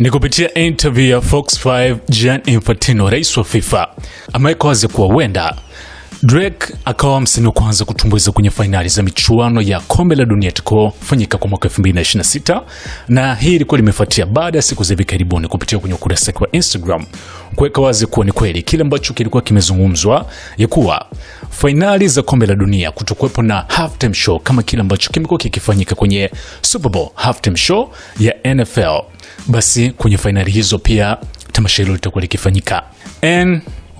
Ni kupitia interview ya Fox 5 Gian Infantino, rais wa FIFA, ameweka wazi kuwa huenda Drake akawa msanii wa kwanza kutumbuiza kwenye fainali za michuano ya kombe la dunia itakayofanyika kwa mwaka 2026 na hii ilikuwa limefuatia baada ya siku za hivi karibuni kupitia kwenye ukurasa wa Instagram kuweka wazi kuwa ni kweli kile ambacho kilikuwa kimezungumzwa ya kuwa fainali za kombe la dunia kutokuwepo na halftime show kama kile ambacho kimekuwa kikifanyika kwenye Super Bowl halftime show ya NFL, basi kwenye fainali hizo pia tamasha hilo litakuwa likifanyika.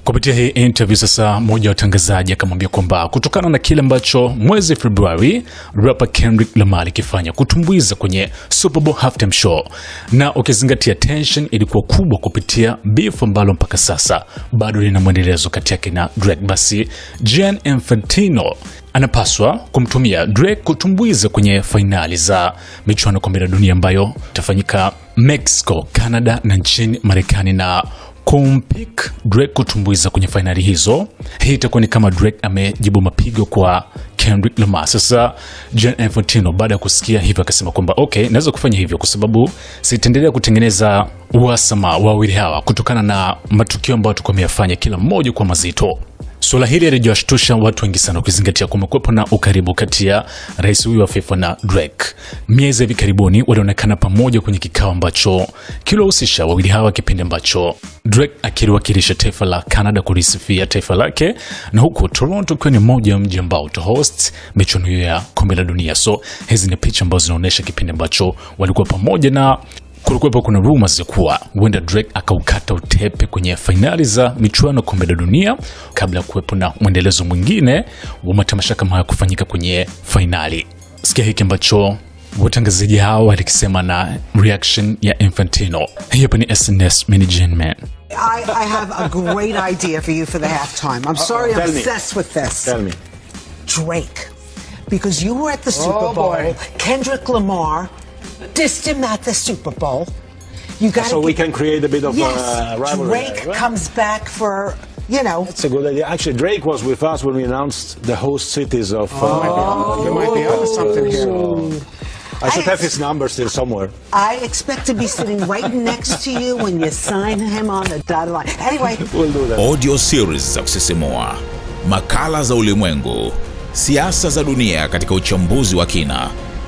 Kupitia hii interview sasa, mmoja wa watangazaji akamwambia kwamba kutokana na kile ambacho mwezi Februari rapper Kendrick Lamar alikifanya kutumbuiza kwenye Super Bowl halftime show, na ukizingatia tension ilikuwa kubwa kupitia beef ambalo mpaka sasa bado lina mwendelezo kati yake na Drake, basi Jan Infantino anapaswa kumtumia Drake kutumbuiza kwenye fainali za michuano kombe la dunia ambayo itafanyika Mexico, Canada na nchini Marekani na kumpik Drake kutumbuiza kwenye fainali hizo. Hii itakuwa ni kama Drake amejibu mapigo kwa Kendrick Lamar. Sasa John Infantino baada ya kusikia hivyo akasema kwamba okay, naweza kufanya hivyo kwa sababu sitaendelea kutengeneza uhasama wawili hawa kutokana na matukio ambayo tuko ameyafanya kila mmoja kwa mazito. Suala hili lilijowashtusha watu wengi sana, ukizingatia kumekwepo na ukaribu kati ya rais huyu wa FIFA na Drake. Miezi hivi karibuni walionekana pamoja kwenye kikao ambacho kiliwahusisha wawili hawa, kipindi ambacho Drake akiliwakilisha taifa la Canada kulisifia taifa lake, na huku Toronto ikiwa ni moja ya mji ambao tohost michuano hiyo ya kombe la dunia. So hizi ni picha ambazo zinaonyesha kipindi ambacho walikuwa pamoja, na kulikuwepo kuna rumors za kuwa huenda Drake akaukata utepe kwenye fainali za michuano kombe la dunia kabla ya kuwepo na mwendelezo mwingine wa matamasha kama haya kufanyika kwenye fainali. Sikia hiki ambacho watangazaji hao walikisema na reaction ya Infantino. Hiyo hapa ni SNS management. I, I have a great idea for you for the halftime. I'm sorry, I'm obsessed with this. Tell me. Drake, because you were at the Super oh, Bowl, Kendrick Lamar dissed him at the Super Bowl. You got so we can create a bit of yes, a uh, rivalry. Drake right? comes back for you know. That's a good idea. Actually, Drake was with us when we announced the host cities of. Uh, oh, there might be onto something here. So I should I have his number still somewhere. I expect to be sitting right next to you when you sign him on the dotted line. Anyway, we'll do that. Audio series za kusisimua, makala za ulimwengu, siasa za dunia katika uchambuzi wa kina